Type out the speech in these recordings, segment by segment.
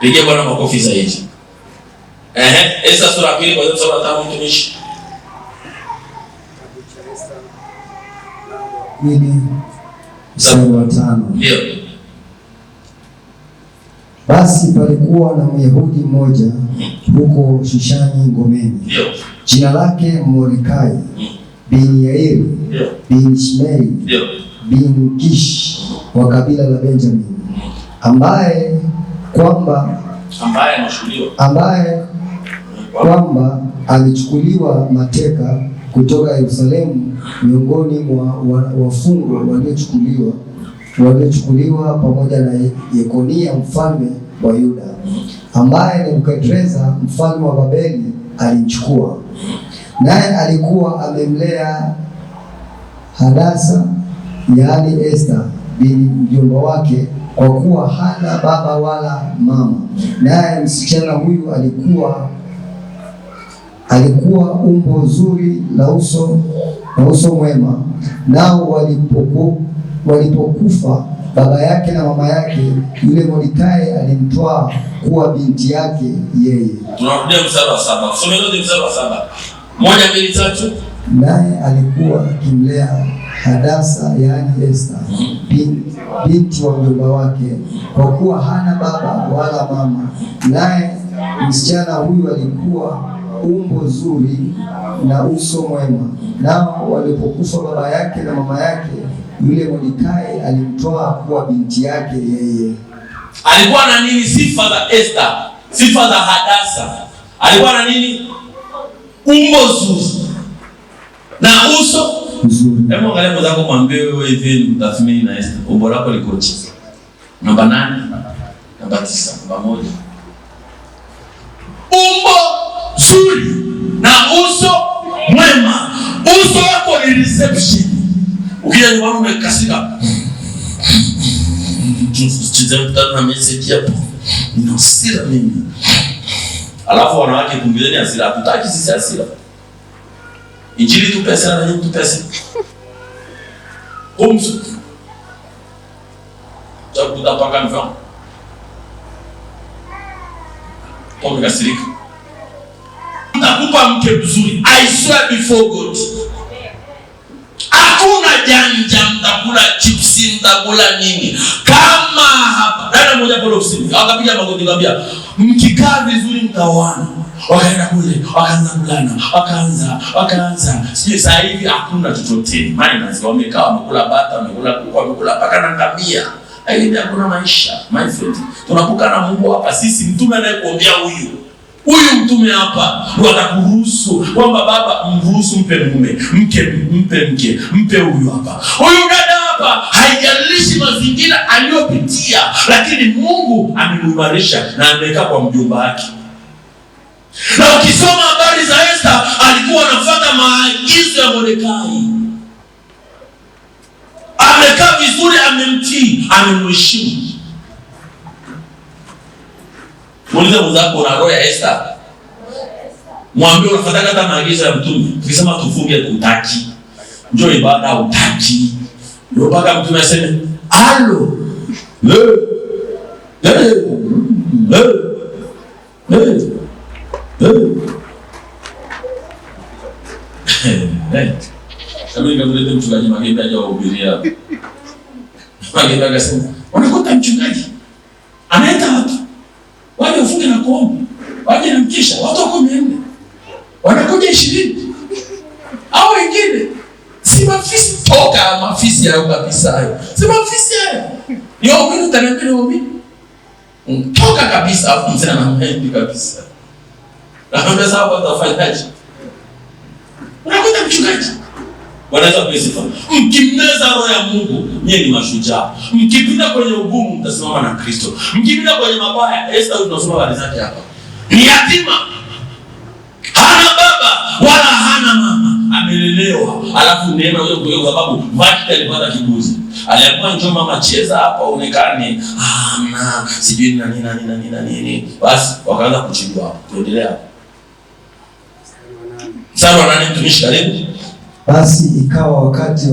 Pigia Bwana makofi zaidi. Ehe, Esta sura pili kwa sababu sura tano mtumishi. Mimi mstari wa tano. Ndio. Basi palikuwa na Myahudi mmoja hmm. huko Shushani ngomeni. Ndio. Jina lake Mordekai hmm. bin Yair bin Shimei bin Kish wa kabila la Benjamin hmm. ambaye kwamba ambaye kwamba alichukuliwa mateka kutoka Yerusalemu miongoni mwa wafungwa waliochukuliwa waliochukuliwa pamoja na Yekonia mfalme wa Yuda, ambaye Nebukadreza mfalme wa Babeli alimchukua, naye alikuwa amemlea Hadasa yaani Esther mjomba wake kwa kuwa hana baba wala mama. Naye msichana huyu alikuwa alikuwa umbo zuri la uso na uso mwema. Nao walipoku, walipokufa baba yake na mama yake, yule Mordekai alimtwaa kuwa binti yake yeye. Tunarudia mstari wa saba, mstari wa saba, moja mbili tatu. Naye alikuwa akimlea Hadasa yaani Esther binti wa mjomba wake, kwa kuwa hana baba wala mama, naye msichana huyu alikuwa umbo zuri na uso mwema. Nao walipokuswa baba yake na mama yake, yule Mordekai alimtoa kuwa binti yake yeye. Alikuwa na nini? Sifa za Esther, sifa za Hadasa. Alikuwa na nini? Umbo zuri na uso mzuri Mm. Hebu angalia mwenzako mwambie wewe hivi ni mtathmini na Esther. Ubora wako likoje? Namba nane, namba tisa, namba moja. Umbo zuri na uso mwema. Uso wako ni reception. Ukija ni nyumbani umekasika. Chiza mtana na message hapo. Nina usira mimi. Alafu wanawake kumbizeni asira. Tutaki sisi asira. Injili tupe hasira na nyinyi mtupe Comme utakutapaka mfano pombe kasirika, utakupa mke mzuri. I swear before God, hakuna janja. Mtakula chipsi, mtakula nini? Kama hapa dada moja pale ofisini akapiga magoti, kaambia mkikaa vizuri mtaoana wakaenda kule, wakaanza kulana, wakaanza wakaanza, sijui saa hivi hakuna chochote, minus wamekaa, wamekula bata, wamekula kuku, wamekula mpaka na ngamia. Hivi hakuna maisha, my friend, tunakuka na Mungu hapa. Sisi mtume anayekuombea huyu huyu mtume hapa wanakuruhusu kwamba baba, mruhusu, mpe mume, mke mpe mke, mpe huyu hapa, huyu dada hapa, haijalishi mazingira aliyopitia, lakini Mungu amemuimarisha na ameweka kwa mjomba wake na ukisoma habari za Esta, alikuwa anafata maagizo ya Mordekai. Amekaa vizuri, amemtii, amemheshimu. Muulize mwenzako, una roho ya Esta? Mwambie unafuata hata maagizo ya mtume. Ukisema tufunge, kutaki njo ibada, utaki ndio mpaka mtume aseme alo hey. Hey. Hey. Hey. Mchungaji Magimbe ajawahubiria Magimbe akasema, unakuta mchungaji anaita watu waje wafunge na kuomba, waje na mkisha, watu wako mia nne wanakuja ishirini au wengine si mafisi toka mafisi hayo kabisa, hayo si mafisi hayo, ni waumini. Utaniambia ni waumini toka kabisa, afu mzee anamhendi kabisa Nakwambia sababu watu wafanyaje? Unakuta mchungaji wanaweza kuisifa. Mkimeza roho ya Mungu, nyie ni mashujaa. Mkipita kwenye ugumu, mtasimama na Kristo. Mkipita kwenye mabaya, Esta tunasoma habari zake hapa. Ni yatima. Hana baba wala hana mama. Amelelewa. Alafu neema hiyo kwa sababu maji alipata kibuzi. Aliambiwa njoo mama cheza hapa onekane. Ah, na sijui na nini na nini na Basi wakaanza kuchimbwa. Tuendelea. Basi ikawa wakati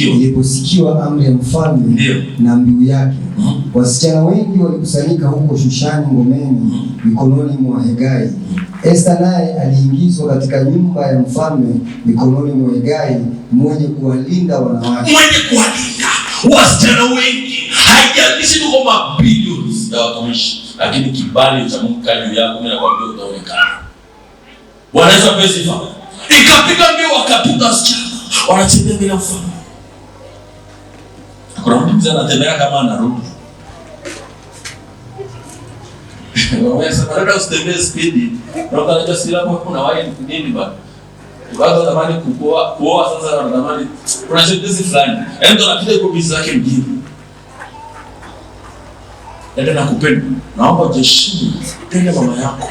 iliposikiwa amri ya mfalme na mbiu yake, hmm. wasichana wengi walikusanyika huko Shushani ngomeni hmm. mikononi mwa Hegai. Hmm. Esta naye aliingizwa katika nyumba ya mfalme mikononi mwa Hegai, mwenye kuwalinda wanawake, mwenye kuwalinda wasichana wengi. Haijalishi tuko mabilioni ya watumishi, lakini kibali cha Mungu juu yako, mimi nakwambia utaonekana wanaweza Yesu apewe sifa. Ikapiga mbio wakatupa sichana, wanatembea bila mfano. Kuna mtu mzee anatembea kama anarudi. Wanaweza kwenda usitembee spidi. Ndio kanajua sila kwa kuna wahi nini ba? Watu wanatamani kukua, kuoa sasa na wanatamani kuna shughuli fulani. Yaani ndo anapita kwa bizi zake mjini. Ndio yaani nakupenda. Naomba jeshi. Tena mama yako.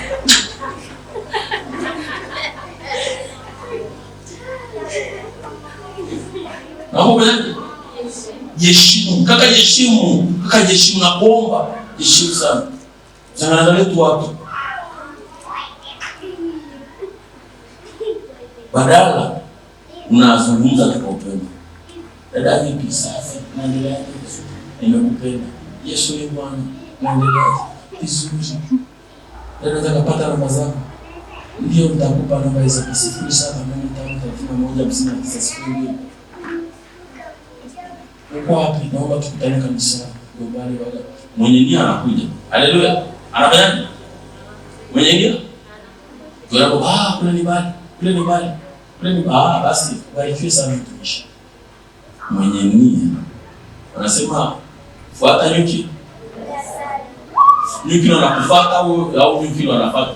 jeshimu kaka, jeshimu kaka, jeshimu nakuomba, jeshimu sana. Changamoto tu wapi? Badala unazungumza kwa dada, vipi? Safi, naendelea vizuri, nimekupenda. Yesu ni Bwana, naendelea vizuri. Dada, nataka namba zako. Ndio, nitakupa namba hizo: sifuri saba nane tano thelathini na moja hamsini na tisa sifuri mbili uko wapi? Naomba tukutane kabisa. Gombani wala mwenye nia anakuja. Haleluya. Anafanyaje? Mwenye nia? Kwa hiyo ah, kule ni bali, kule ni bali, kule ni ah, basi barikiwe sana mtumishi. Mwenye nia. Anasema fuata nyuki. Nyuki ndo anakufuata au au nyuki ndo anafuata?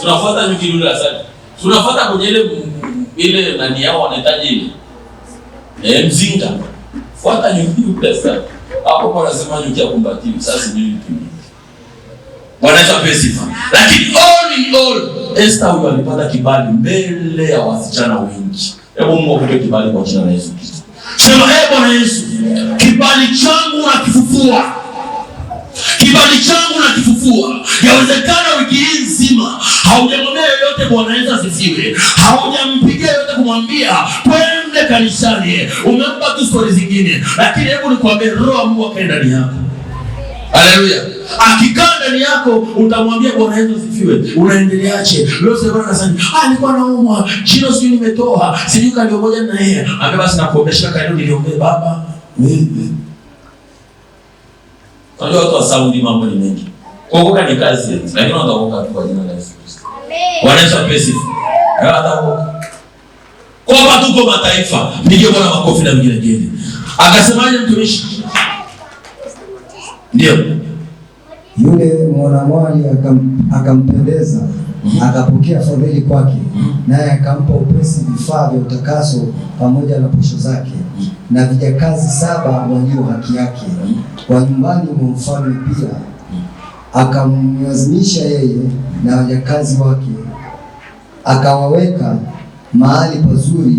Tunafuata nyuki ndo asali. Tunafuata kwenye ile ile nani yao wanahitaji ile Eh, mzinga. Fuata nyuki pesa. Hapo kwa nasema nyuki akumbatiwe. Sasa ni nyuki. Bwana Yesu apewe sifa. Lakini all in all, Esther huyu alipata kibali mbele ya wasichana wengi. Hebu Mungu akupe kibali kwa jina la Yesu Kristo. Sema eh, Bwana Yesu, kibali changu na kifufua. Kibali changu na kifufua. Yawezekana wiki hii nzima haujamwambia yoyote, Bwana Yesu asifiwe. Haujampigia yoyote kumwambia twende kanisani, umempa tu stori zingine, lakini hebu nikwambie, roho Mungu akae ndani yako. Haleluya! akikaa ndani yako utamwambia Bwana Yesu sifiwe, unaendeleaje? Leo sasa Bwana anasema ah, nilikuwa naumwa jino, sijui nimetoa, sijui kandio moja na yeye ambe, basi nakuombesha kandio niliombee baba wewe. Unajua watu wa Saudi mambo ni mengi, kuokoka ni kazi, lakini wataokoka kwa jina la Yesu Kristo. Amen. Bwana Yesu asifiwe. Hata kwamba tuko mataifa. Mpigie Bwana makofi na vigelegele. Akasemaje mtumishi? Ndio yule mwanamwali akampendeza, mhm. akapokea fadhili kwake, mhm. naye akampa upesi vifaa vya utakaso pamoja na posho zake mhm. na vijakazi saba walio haki yake wa nyumbani mwa mfalme. Pia akamlazimisha yeye na wajakazi wake akawaweka mahali pazuri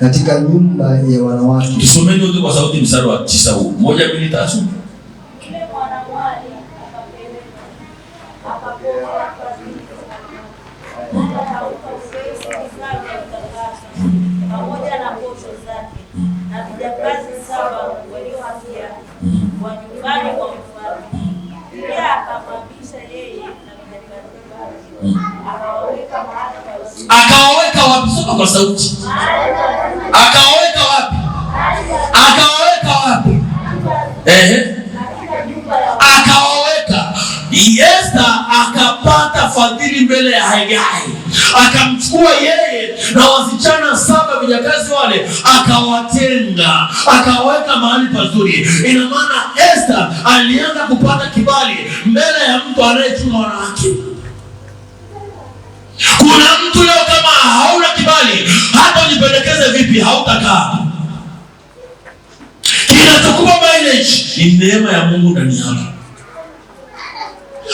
katika nyumba ya wanawake. Tusomeni wote kwa sauti mstari wa tisa huu. Moja, mbili, tatu. kwa sauti. Akawaweka wapi? Akawaweka wapi? Ehe, akawaweka. Esta akapata fadhili mbele ya Hagai, akamchukua yeye na wasichana saba vijakazi wale, akawatenga akawaweka mahali pazuri. Ina maana Esta alianza kupata kibali mbele ya mtu anayechuma wanawake. Kuna mtu leo kama hauna kibali, hata ujipendekeze vipi, hautakaa. Kinachokupa mileage ni neema ya Mungu ndani yako.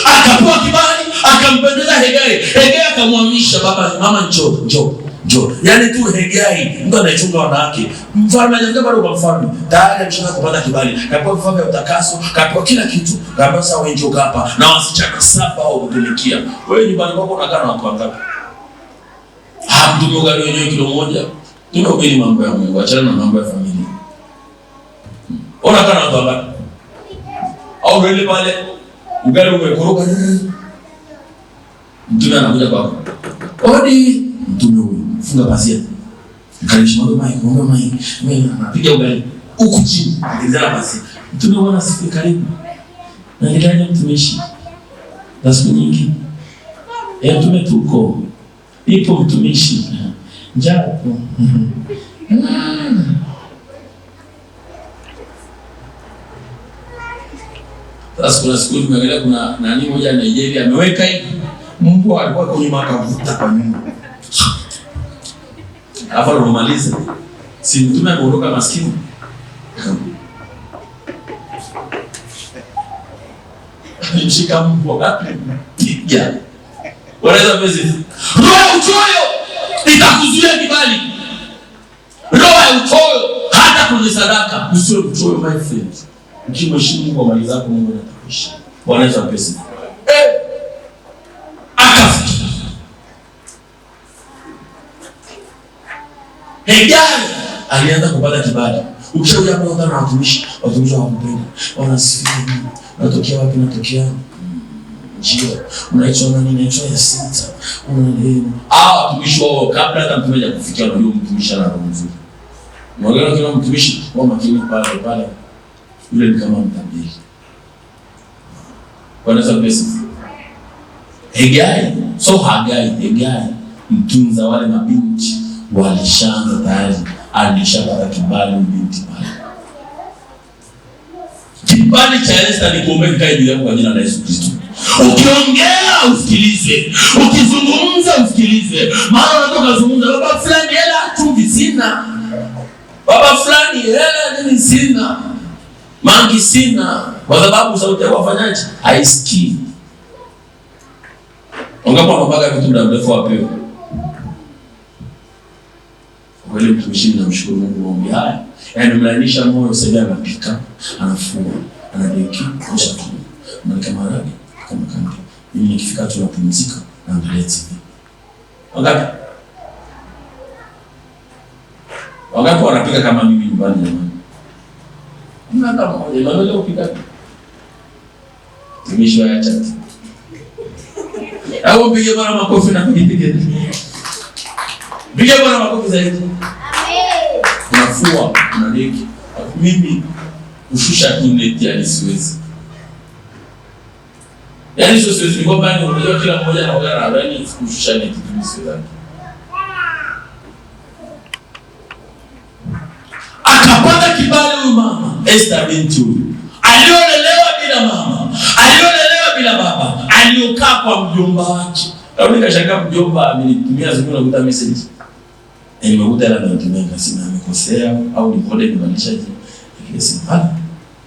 Akapewa kibali, akampendeza hegae hegae akamwamisha, baba mama, njo njoo Njoo. Yaani tu Hegai, mtu anayechunga wanawake. Mfalme hajafikia bado kwa mfalme. Tayari ameshaanza kupata kibali. Kapewa vifaa vya utakaso, kapewa kila kitu. Kapewa sasa wewe njoo hapa na wasichana saba au kupelekea. Wewe nyumbani kwako unakaa na watu wangapi? Hamtumio ah, gari wenyewe kilo moja. Tunahubiri mambo ya Mungu, achana na mambo ya familia. Ona hmm. kana watu wangapi? Au ndio pale ugali umekoroka. Hmm. Mtume anakuja kwako. Odi funga pazia. Nikalisha mambo mai, mambo mai. Mimi napiga ugali huku chini, nilizana pazia. wana siku karibu. Na nikaja mtumishi. Na siku nyingi. Eh, tume tuko. Ipo mtumishi. Japo. Sasa kuna siku tumeangalia kuna nani moja Nigeria ameweka hivi. Mungu alikuwa kwenye makavuta kwa nyumba. Hapa unamaliza. Si mtume ameondoka maskini. Nimshika Mungu wakati piga. Wanaweza mwezi. Roho ya uchoyo itakuzuia kibali. Roho ya uchoyo hata kwenye sadaka usiwe mchoyo my friend. Ukimheshimu kwa mali zako Mungu anakuheshimu. Wanaweza pesa. Hegari alianza kupata kibali. Ukishauri hapo na watumishi, watumishi hawakupendi. Wanasikia nini? Natokea wapi? Natokea njio, Unaitwa nani? Naitwa ya sita. Unaelewa? Ah, watumishi wao kabla hata mtume hajakufikia na yule mtumishi ana roho nzuri. Mwangalia kila mtumishi kwa makini pale pale. Yule ni kama mtabiri. Bwana Yesu. Hegari, so Hagai, Hegari mtunza wale mabinti walishaanza tayari, alishapata kibali binti pale. Kibali cha Esta ni kuombea kikae juu yako kwa jina la Yesu Kristo. Ukiongea usikilizwe, ukizungumza usikilizwe. Maana watu ukazungumza, baba fulani hela chumvi sina, baba fulani hela nini sina, mangi sina, kwa sababu sauti yako wafanyaji haisikii. Ongea kwa mabaga vitu mda mrefu wapewe kweli mtumishi, namshukuru Mungu maombi haya yanamlainisha yaani moyo. Sasa anapika, anafua, anadeki, kisha tu mnalika maragi kama kama mimi nikifika tu napumzika na angalia TV. Wangapi wangapi wanapika kama mimi nyumbani jamani? Mna kama moja mambo leo pika tumishi wa chat au mpige mara makofi na kujipige Pigia Bwana makofi zaidi. Amen. Unafua unaliki. Mimi kushusha tu neti yani siwezi. Yaani sio siwezi kwa bani unajua kila mmoja na ugana na bani kushusha neti tu nisiwezi. Akapata kibali huyu mama Esther binti huyu. Aliolelewa bila mama, aliolelewa bila baba, aliokaa kwa mjomba wake. Kabla nikashangaa mjomba amenitumia zingine nakuta message. Eh, na imekuta la mengi mengi, nasema amekosea au ni bodi imebadilisha je? Lakini sema hapa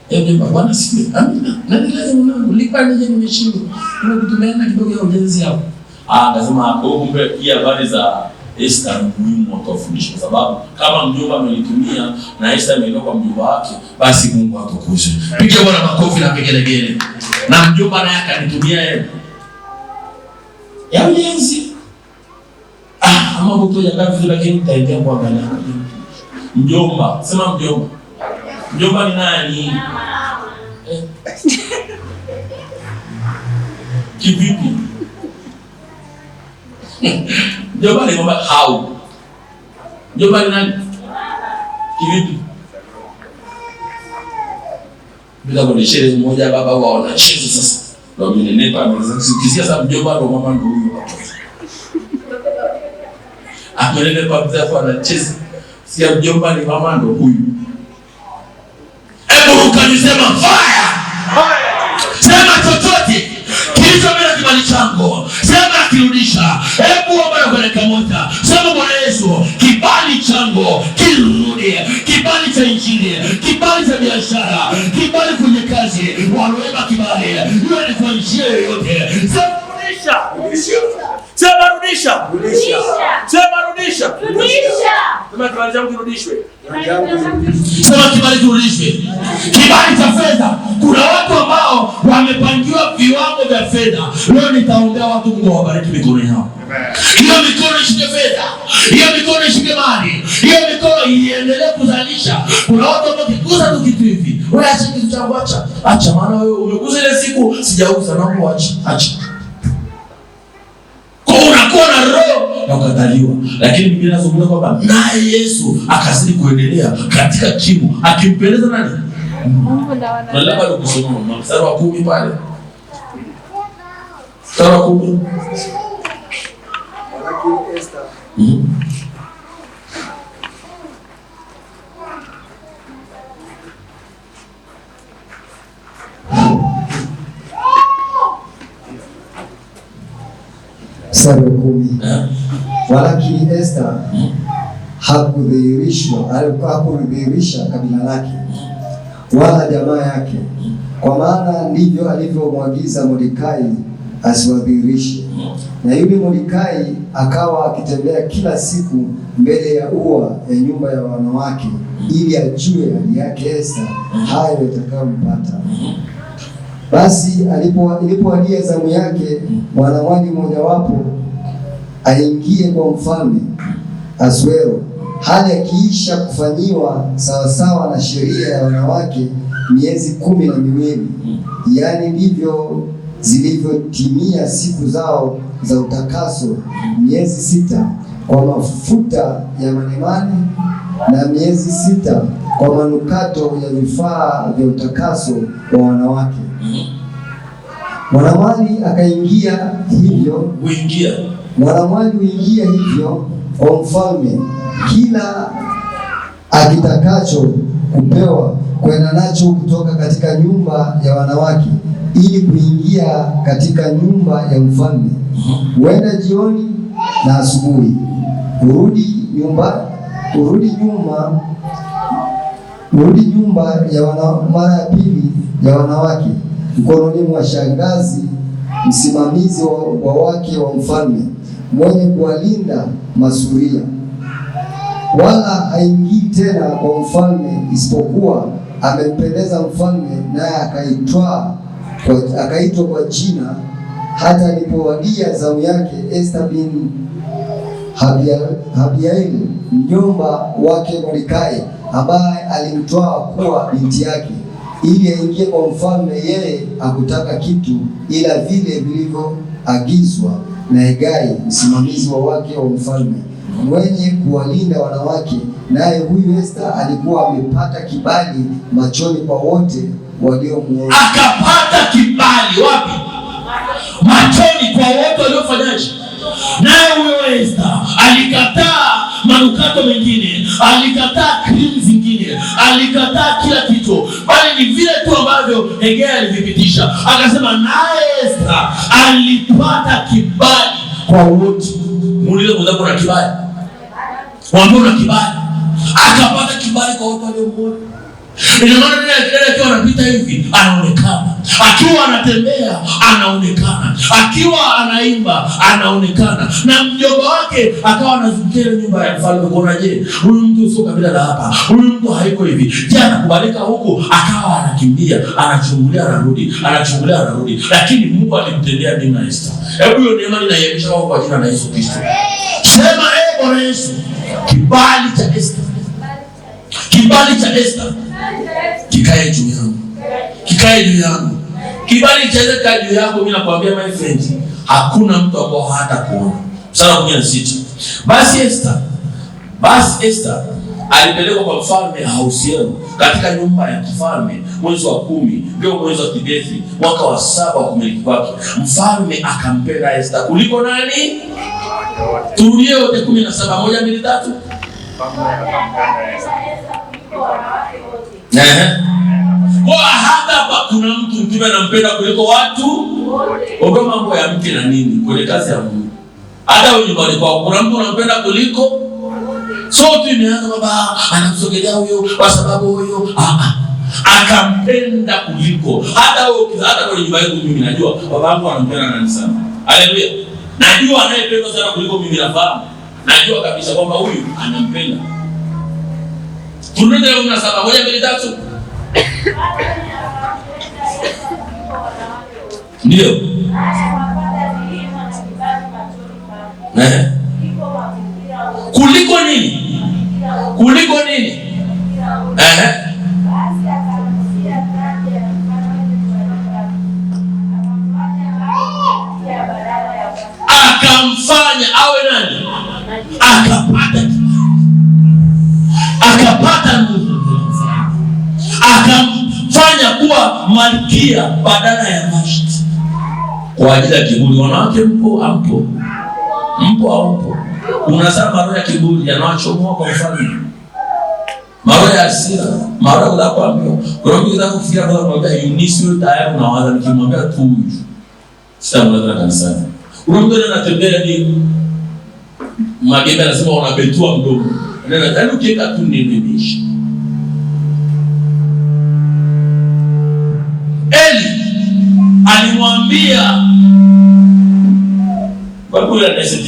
hebu jambo bwana sikuwe, amina, ah, na nilale mwanangu lipani je, nimeshindwa kuna kutumaina kidogo ya ujenzi yao. Ah, akasema hapo, kumbe pia habari za Esta muhimu akawafundisha, kwa sababu kama mjomba amelitumia na Esta ameelewa kwa mjomba wake, basi Mungu atukuzwe. Pigia Bwana makofi na vigelegele, na mjomba naye akanitumia yeye ya ujenzi ah, mambo tu yakaa vizuri, lakini nitaingia kuangalia. Mjomba, sema mjomba. Mjomba ni nani? Eh? Kivipi? Mjomba ni mama hao. Mjomba ni nani? Kivipi? Bila kuna sherehe baba wao wanacheza sasa. Ndio mnenepa, mnaweza kusikia sasa mjomba ndio mama ndio huyo amelele kwa mzafu anacheza, sikia mjomba ni mama ndo huyu. Hebu ukajisema fire, sema chochote kilicho mbele kibali changu, sema kirudisha. Hebu omba na kuelekea moja, sema Bwana Yesu, kibali changu kirudi, kibali cha injili, kibali cha biashara, kibali kwenye kazi, waroema kibali iwe ni kwa njia yoyote, sema rudisha, sema Rudisha. Rudisha. Sema rudisha. Rudisha. Sema kibali changu kirudishwe. Sema kibali kirudishwe. Kibali cha fedha. Kuna watu ambao wamepangiwa viwango vya fedha. Leo nitaongea watu Mungu awabariki mikono yao. Hiyo mikono ishike fedha. Hiyo mikono ishike mali. Hiyo mikono iendelee kuzalisha. Kuna watu ambao kikuza tu kitu hivi. Wewe acha kitu changu acha. Acha maana wewe umekuza ile siku sijauza naomba acha. Acha. Kwa unakuwa na roho na ukadhaliwa. lakini Biblia inazungumza kwamba naye Yesu akazidi kuendelea katika kimo, akimpeleza nani? Mungu Mstari wa kumi pale, mstari wa kumi. Walakini Esther hakudhihirishwa hakudhihirisha kabila lake wala jamaa yake, kwa maana ndivyo alivyomwagiza Mordekai asiwadhihirishe. Na yule Mordekai akawa akitembea kila siku mbele ya ua ya nyumba ya wanawake, ili ajue hali yake Esther, hayo yatakayompata. Basi alipoalia zamu yake, mwanawake mmojawapo aingie kwa mfalme Asuero hali akiisha kufanyiwa sawasawa na sheria ya wanawake miezi kumi na miwili, yaani ndivyo zilivyotimia siku zao za utakaso, miezi sita kwa mafuta ya manemane na miezi sita kwa manukato ya vifaa vya utakaso wa wanawake. Mwanamwali akaingia hivyo kuingia Mwanamwali huingia hivyo kwa mfalme, kila akitakacho kupewa kwenda nacho kutoka katika nyumba ya wanawake ili kuingia katika nyumba ya mfalme. Huenda jioni na asubuhi, urudi nyumba urudi nyuma urudi nyumba ya wana, mara ya pili ya wanawake mkononi mwa shangazi, msimamizi wa, wa wake wa mfalme mwenye kuwalinda masuria, wala haingii tena kwa mfalme, isipokuwa amempendeza mfalme, naye akaitwa akaitwa kwa jina. Hata alipowadia zamu yake Esther bin Habiaili mjomba wake Mordekai, ambaye alimtwaa kuwa binti yake ili aingie kwa mfalme, yeye akutaka kitu ila vile vilivyoagizwa na Hegai msimamizi wa wake wa mfalme mwenye kuwalinda wanawake, naye huyu Esther alikuwa amepata kibali machoni kwa wote waliomuona. naye huyo Esta alikataa manukato mengine, alikataa krimu zingine, alikataa kila kitu, bali ni vile tu ambavyo Hegel alivipitisha. Akasema naye Esta alipata kibali kwa wote. Muulize mwenzako, na kibali, waambie una kibali. Akapata kibali kwa wote waliomwona. Ndio maana yule Israeli akiwa anapita hivi anaonekana, akiwa anatembea anaonekana, akiwa anaimba anaonekana, na mjomba wake akawa anazungukia ile nyumba ya mfalme kuona, je, huyu mtu sio kabila la hapa? Huyu mtu haiko hivi, je, anakubalika huko? Akawa anakimbia anachungulia, anarudi, anachungulia, anarudi, lakini Mungu alimtendea neema Esta. Hebu hiyo neema wao kwa jina la Yesu Kristo. Sema eh, Bwana Yesu, kibali cha Esta, kibali cha Esta kikae juu yangu, kikae juu yangu, kibali juu yako. Mimi nakwambia my friend, hakuna mtu ambao hata kuona kumi na sita. Basi Esther, basi Esther alipelekwa kwa mfalme Ahasuero katika nyumba ya kifalme mwezi wa kumi, ndio mwezi wa Kibethi, mwaka wa saba wa kumiliki kwake. Mfalme akampenda Esther kuliko nani? Turudie wote kumi na saba, moja mbili tatu. Kwa hata hapa kuna mtu mtume anampenda kuliko watu wote. Mambo ya mke na nini kwenye kazi ya Mungu, hata wewe nyumbani kwako kuna mtu unampenda kuliko sote. Imeanza baba anamsogelea huyo kwa sababu huyo ah, ah. akampenda kuliko hata wewe. Hata kwenye nyumba yangu mimi najua baba yangu anampenda nani sana. Haleluya, najua anayependwa sana kuliko mimi, nafahamu, najua kabisa kwamba huyu anampenda tunaendelea kumi na saba moja mbili tatu ndio eh? kuliko nini? Kuliko nini? Eh? Akamfanya awe nani? Akapata malkia badala ya Vashti kwa ajili ya kiburi. Wanawake mpo hapo, mpo ampo, unasema maroho ya kiburi yanawachomoa kwa mfalme, maroho ya hasira, maroho ya kuambiwa. Kuna mtu anataka kufikia kwa sababu ya Yunisi, yule tayari unawaza, nikimwambia tu huyu sitamweza kanisani. Kuna mtu anatembea ni magenda, anasema unabetua mdomo, ndio nadhani yaani ukiweka tu nini nishi alimwambia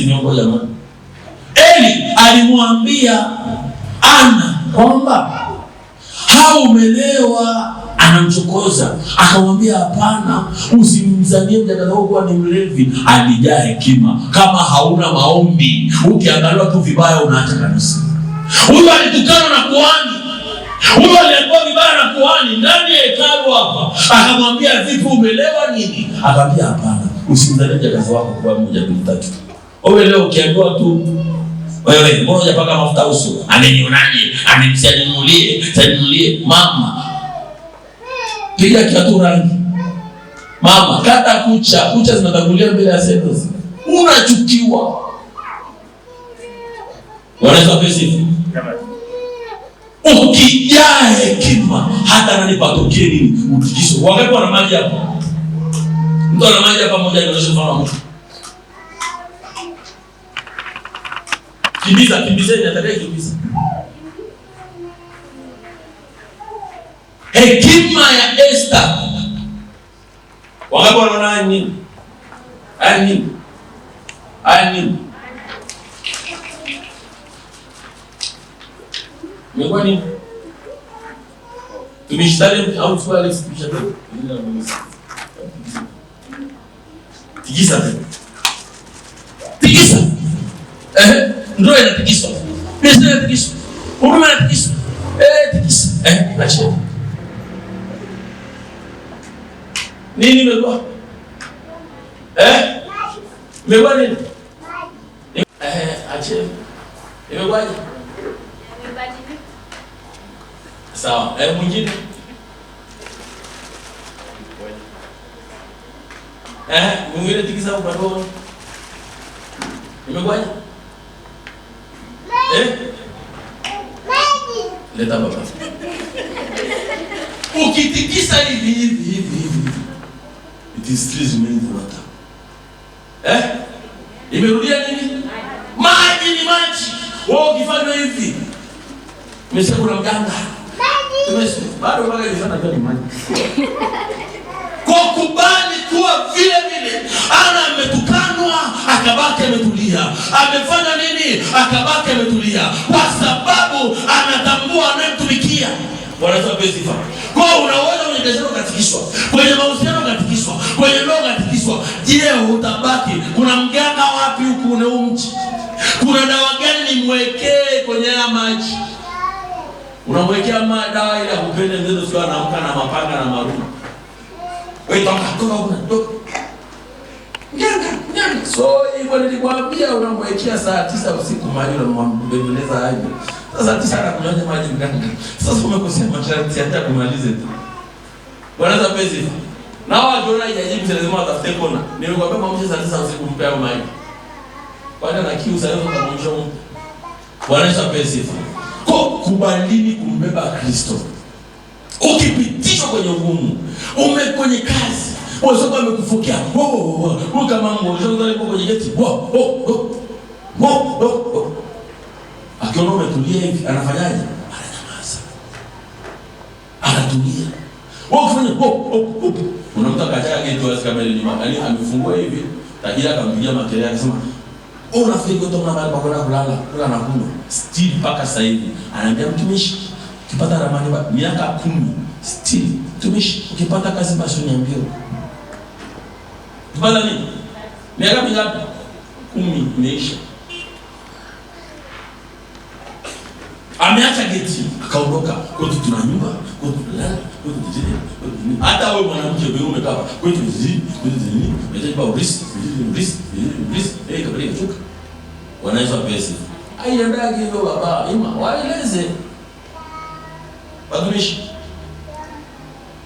jamani, Eli alimwambia Ana kwamba hao umelewa, anamchokoza. Akamwambia hapana, usimzanie mjadala kuwa ni mlevi, alijaa hekima. Kama hauna maombi, ukiangaliwa tu vibaya, unaacha kanisa. Huyu alitukana na kuanza huyo alikuwa vibaya na kuhani ndani ya hekalu hapa, akamwambia vipi, umelewa nini? Akamwambia hapana, usimdhanie jakazi wako kwa moja mbili tatu. Wewe leo ukiambiwa tu wewe mbona hujapaka mafuta uso, amenionaje? Amemsianinulie saninulie mama, piga kiatu rangi mama, kata kucha, kucha zinatangulia mbele ya sentensi, unachukiwa. Wanaweza kusifu ukijaa hekima hata nani patokee nini utikiswe. Wangekuwa na maji hapa mtu ana maji hapa moja inaonyesha mfano mtu. Kimbiza, kimbizeni, atakaye kimbiza. Hekima ya Esther wangekuwa wanaona nini? Ani. Ani. Imekuwa nini? Tumeshtarehe au swali kupisha tena. Tigisa tena. Tigisa. Eh, ndio inatigisa. Pesa inatigisa. Huruma inatigisa. Eh, tigisa. Eh, acha. Nini imekuwa? Eh? Imekuwa nini? Eh, acha. Imekuwaje? Sawa, eh, mwingine eh, mwingine tikisa upande huo. Imekwaje? Eh? Leta baba. Ukitikisa hivi hivi hivi hivi. It is trees made water. Eh? Imerudia nini? Maji ni maji. Wewe ukifanya hivi. Nimesema kuna mganga bado Kwa kubali kuwa vile vile, ana ametukanwa akabaki ametulia, amefanya nini akabaki ametulia, kwa sababu anatambua anayemtumikia. wanazapezifa kwa unaweza kwenye biashara ukatikiswa, kwenye mahusiano ukatikishwa kwenye ndoa ukatikishwa Je, utabaki? Kuna mganga wapi huku na Kuna dawa gani nimwekee kwenye haya maji? unamwekea madawa ili akupende mtoto, sio anaamka na mapanga na maruma. Wewe toka toka, unatoka nyanga nyanga. So hivyo nilikwambia, unamwekea saa tisa usiku maji, na unamwambia aje sasa tisa na anakunywa maji mganga. Sasa umekosea masharti, hata kumalize tu wanaweza pesa. na wao wakiona haijajibu, lazima watafute kona. Nilikwambia mwamshe saa tisa usiku, mpea maji, kwani na kiu sasa, utamwamsha mtu wanaisha pesa ko kubalini kumbeba Kristo. Ukipitishwa kwenye ugumu, ume kwenye kazi, wazoka amekufukia wewe kama ngozo alipo kwenye geti wo wo wo wo, akiona umetulia hivi anafanyaje? Ananyamaza, anatulia. Wewe kufanya wo wo, unamtaka kaja geti wazi kama ile nyuma, yani amefungua hivi, tajiri akampigia makelele akasema unafika oh, kutoka kuna mahali pakwenda kulala kula na kunywa still mpaka sasa hivi anaambia mtumishi, ukipata ramani wa miaka kumi still mtumishi, ukipata kazi basi uniambie. Ukipata nini? miaka mingapi? Kumi imeisha. Ameacha geti akaondoka, kwetu tuna nyumba, kwetu tunalala hata wewe mwanamke wewe umekaa kwetu kwetu unahitaji risk risk risk eh kabla ya wanaweza pesa aiendagi baba ima waeleze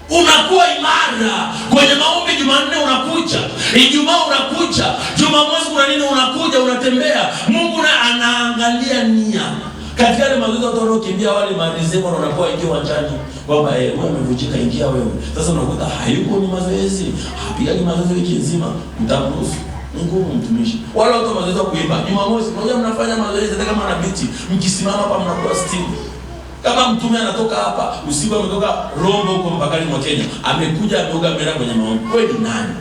unakuwa imara kwenye maombi. Jumanne unakuja, Ijumaa unakuja, Jumamosi kuna nini, unakuja unatembea. Mungu na anaangalia nia katika ile mazoezi watu wanaokimbia wale madizima wanakuwa ingia uwanjani. Baba yeye eh, wewe umevunjika ingia wewe. Sasa unakuta hayuko ni mazoezi. Hapigani mazoezi wiki nzima mtamruhusu. Ngumu mtumishi. Wale watu mazoezi kuimba. Jumamosi mmoja mnafanya mazoezi hata kama na biti. Mkisimama hapa mnakuwa still. Kama mtume anatoka hapa usiku ametoka Rombo huko mpakani mwa Kenya. Amekuja ameoga mera kwenye maombi. Kweli nani?